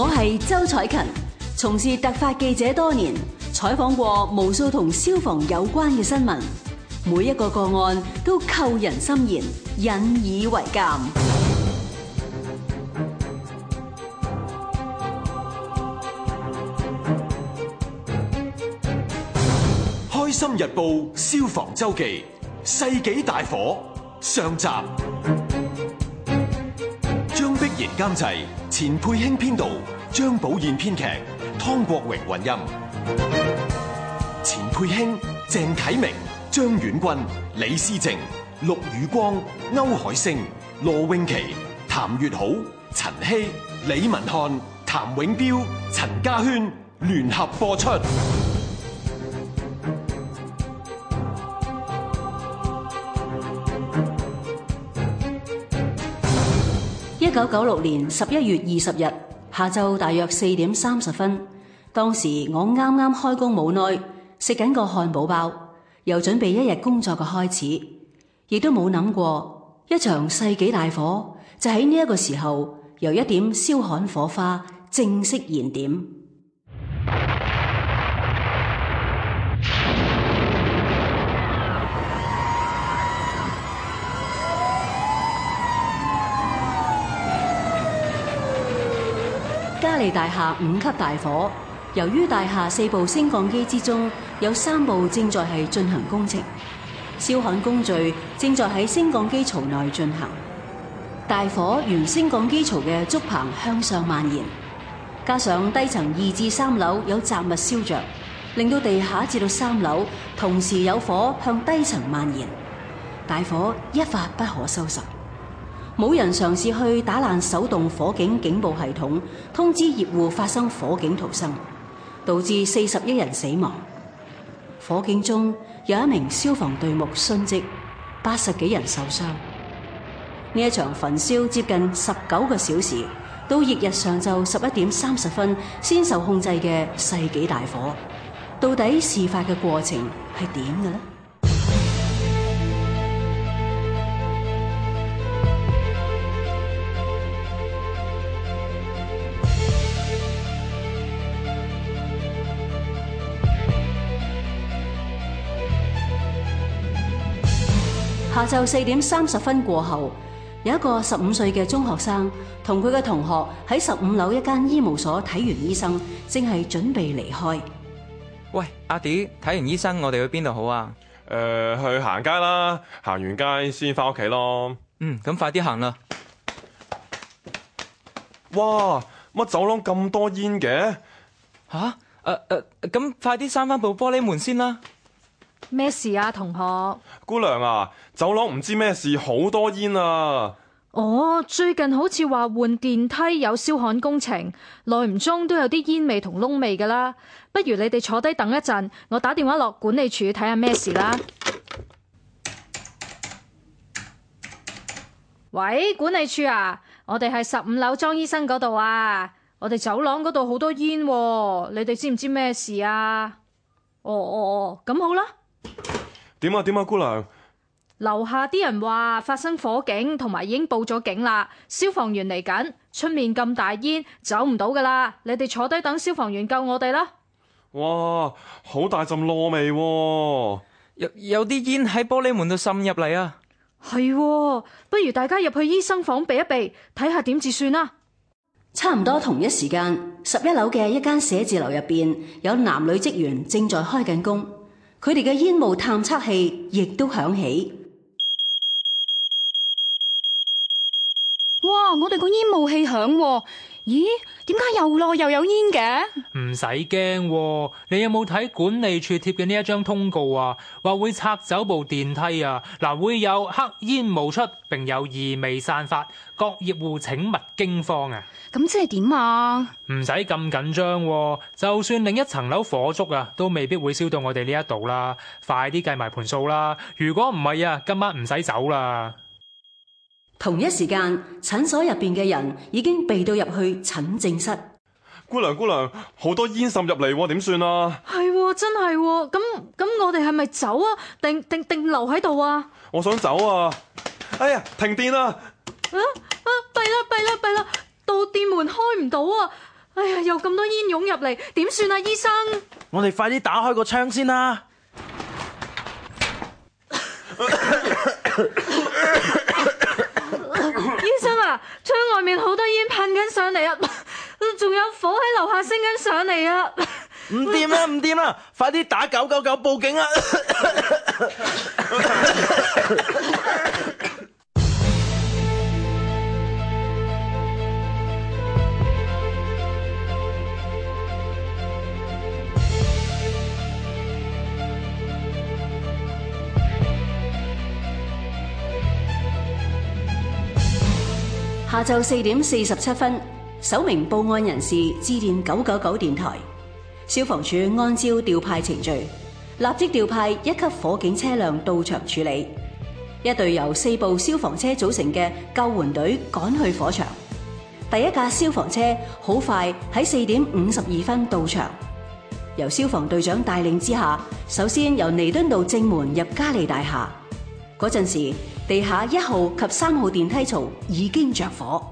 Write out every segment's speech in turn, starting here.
我係周彩琴，從事突發記者多年，採訪過無數同消防有關嘅新聞，每一個個案都扣人心弦，引以為鑒。開心日報《消防周記》世紀大火上集。監製：錢佩卿，編導，張寶燕，編劇，湯國榮，混音。錢佩卿、鄭啟明、張遠君、李思靜、陸宇光、歐海勝、羅永琪、譚月好、陳希、李文漢、譚永彪、陳家軒聯合播出。一九九六年十一月二十日下晝大約四點三十分，當時我啱啱開工冇耐，食緊個漢堡包，又準備一日工作嘅開始，亦都冇諗過一場世紀大火就喺呢一個時候，由一點燒焊火花正式燃點。嘉利大廈五級大火，由於大廈四部升降機之中有三部正在係進行工程，燒焊工序正在喺升降機槽內進行，大火沿升降機槽嘅竹棚向上蔓延，加上低層二至三樓有雜物燒着，令到地下至到三樓同時有火向低層蔓延，大火一發不可收拾。冇人嘗試去打爛手動火警警報系統，通知業戶發生火警逃生，導致四十一人死亡。火警中有一名消防隊目殉職，八十幾人受傷。呢一場焚燒接近十九個小時，到翌日上晝十一點三十分先受控制嘅世紀大火，到底事發嘅過程係點嘅呢？下晝四點三十分過後，有一個十五歲嘅中學生同佢嘅同學喺十五樓一間醫務所睇完醫生，正係準備離開。喂，阿迪，睇完醫生我哋去邊度好啊？誒、啊，去行街啦，行完街先翻屋企咯。嗯，咁快啲行啦。哇，乜走廊咁多煙嘅？吓，誒誒，咁快啲閂翻部玻璃門先啦。咩事啊，同學？姑娘啊，走廊唔知咩事，好多煙啊！哦，最近好似話換電梯有燒焊工程，耐唔中都有啲煙味同燶味㗎啦。不如你哋坐低等一陣，我打電話落管理處睇下咩事啦。 喂，管理處啊，我哋係十五樓莊醫生嗰度啊，我哋走廊嗰度好多煙、啊，你哋知唔知咩事啊？哦哦哦，咁好啦。點啊點啊，姑娘！樓下啲人話發生火警，同埋已經報咗警啦，消防員嚟緊，出面咁大煙，走唔到噶啦，你哋坐低等消防員救我哋啦。哇，好大陣鑊味，啊，有有啲煙喺玻璃門度滲入嚟啊。係，啊，不如大家入去醫生房避一避，睇下點至算啦，啊。差唔多同一時間，十一樓嘅一間寫字樓入邊有男女職員正在開緊工。佢哋嘅煙霧探測器亦都響起，哇！我哋個煙霧器響喎。咦？點解又落又有煙嘅？唔使驚，你有冇睇管理處貼嘅呢一張通告啊？話會拆走部電梯啊！嗱，會有黑煙冒出，並有異味散發，各業戶請勿驚慌啊！咁即係點啊？唔使咁緊張，就算另一層樓火燭啊，都未必會燒到我哋呢一度啦。快啲計埋盤數啦！如果唔係啊，今晚唔使走啦。同一時間，診所入邊嘅人已經避到入去診症室姑。姑娘姑娘，好多煙滲入嚟，點算啊？係，啊，真係。咁咁，我哋係咪走啊？定定定留喺度啊？我想走啊！哎呀，停電啦，啊啊！啊啊弊啦弊啦弊啦，到店門開唔到啊！哎呀，又咁多煙湧入嚟，點算啊？醫生，我哋快啲打開個窗先啦！ 窗外面好多煙噴緊上嚟！ 啊，仲有火喺樓下升緊上嚟啊！唔掂啦，唔掂啦，快啲打九九九報警啊！ 下晝四點四十七分，首名報案人士致電九九九電台，消防處按照調派程序，立即調派一級火警車輛到場處理。一隊由四部消防車組成嘅救援隊趕去火場，第一架消防車好快喺四點五十二分到場，由消防隊長帶領之下，首先由彌敦道正門入嘉利大廈嗰陣時。地下一號及三號電梯槽已經着火。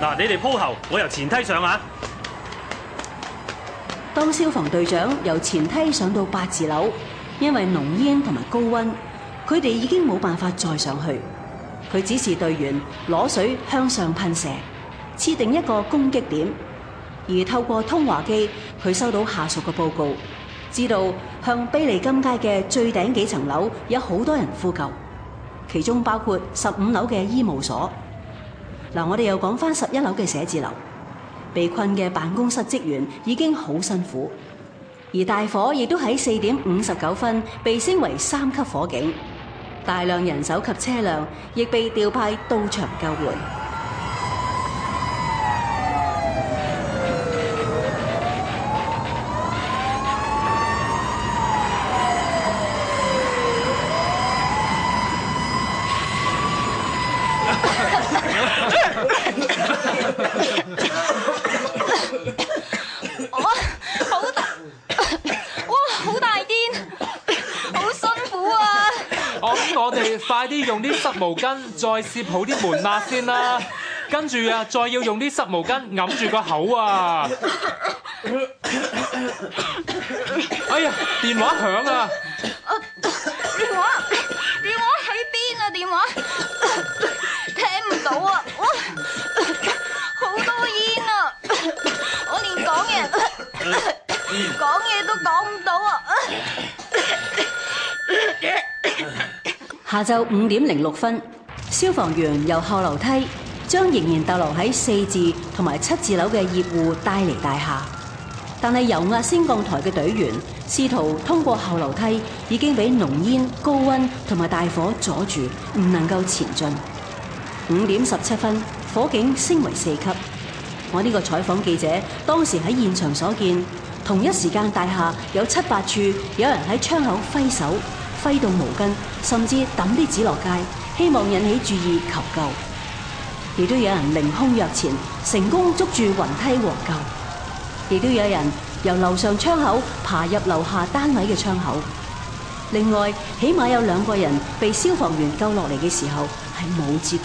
嗱，你哋鋪後，我由前梯上啊！當消防隊長由前梯上到八字樓，因為濃煙同埋高溫，佢哋已經冇辦法再上去。佢指示隊員攞水向上噴射，設定一個攻擊點。而透過通話機，佢收到下屬嘅報告，知道向卑利金街嘅最頂幾層樓有好多人呼救，其中包括十五樓嘅醫務所。嗱，我哋又講翻十一樓嘅寫字樓，被困嘅辦公室職員已經好辛苦，而大火亦都喺四點五十九分被升為三級火警。大量人手及車輛亦被調派到場救援。快啲用啲濕毛巾再攝好啲門罅先啦，跟住 啊，再要用啲濕毛巾揞住個口啊！哎呀，電話響啊！電話，電話喺邊啊？電話，聽唔到啊！哇，好多煙啊！我連講嘢，講嘢都講唔到啊！下晝五點零六分，消防員由後樓梯將仍然逗留喺四字同埋七字樓嘅業戶帶離大廈，但係油壓升降台嘅隊員試圖通過後樓梯，已經俾濃煙、高温同埋大火阻住，唔能夠前進。五點十七分，火警升為四級。我呢個採訪記者當時喺現場所見，同一時間大廈有七八處有人喺窗口揮手。揮動毛巾，甚至抌啲紙落街，希望引起注意求救。亦都有人凌空躍前，成功捉住雲梯獲救。亦都有人由樓上窗口爬入樓下單位嘅窗口。另外，起碼有兩個人被消防員救落嚟嘅時候係冇知覺。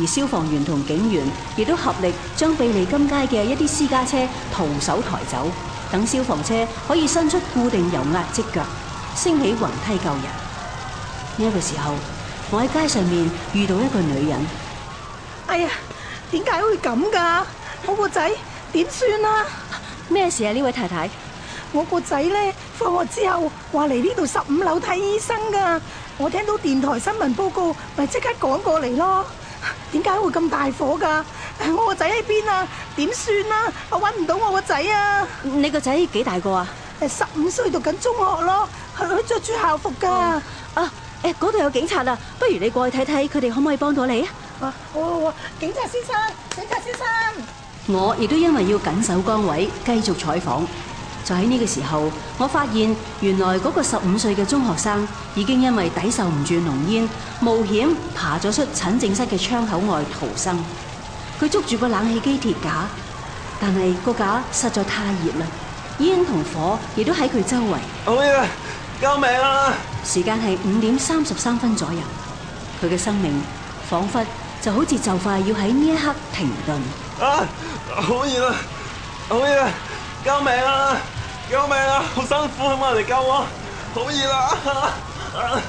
而消防員同警員亦都合力將庇利金街嘅一啲私家車徒手抬走，等消防車可以伸出固定油壓積腳。升起橫梯救人。呢一個時候，我喺街上面遇到一個女人。哎呀，點解會咁噶？我個仔點算啊？咩事啊？呢位太太，我個仔咧放學之後話嚟呢度十五樓睇醫生噶。我聽到電台新聞報告，咪即刻趕過嚟咯。點解會咁大火噶？我個仔喺邊啊？點算啊？我搵唔到我個仔啊！你個仔幾大個啊？誒，十五歲讀緊中學咯。佢着住校服噶啊，嗯、啊！誒，嗰度有警察啊，不如你過去睇睇，佢哋可唔可以幫到你啊？哦，警察先生，警察先生！我亦都因為要緊守崗位繼續採訪。就喺呢個時候，我發現原來嗰個十五歲嘅中學生已經因為抵受唔住濃煙，冒險爬咗出診症室嘅窗口外逃生。佢捉住個冷氣機鐵架，但係個架實在太熱啦，煙同火亦都喺佢周圍。阿咩？救命啊！時間係五點三十三分左右，佢嘅生命仿佛就好似就快要喺呢一刻停頓。啊！好熱啊！好熱！救命啊！救命啊！好辛苦咁啊，嚟救我！好熱啊！啊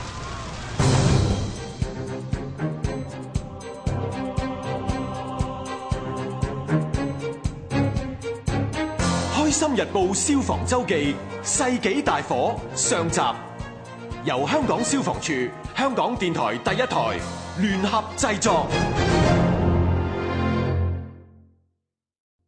《開心日報．消防周記》世紀大火上集，由香港消防處、香港電台第一台聯合製作。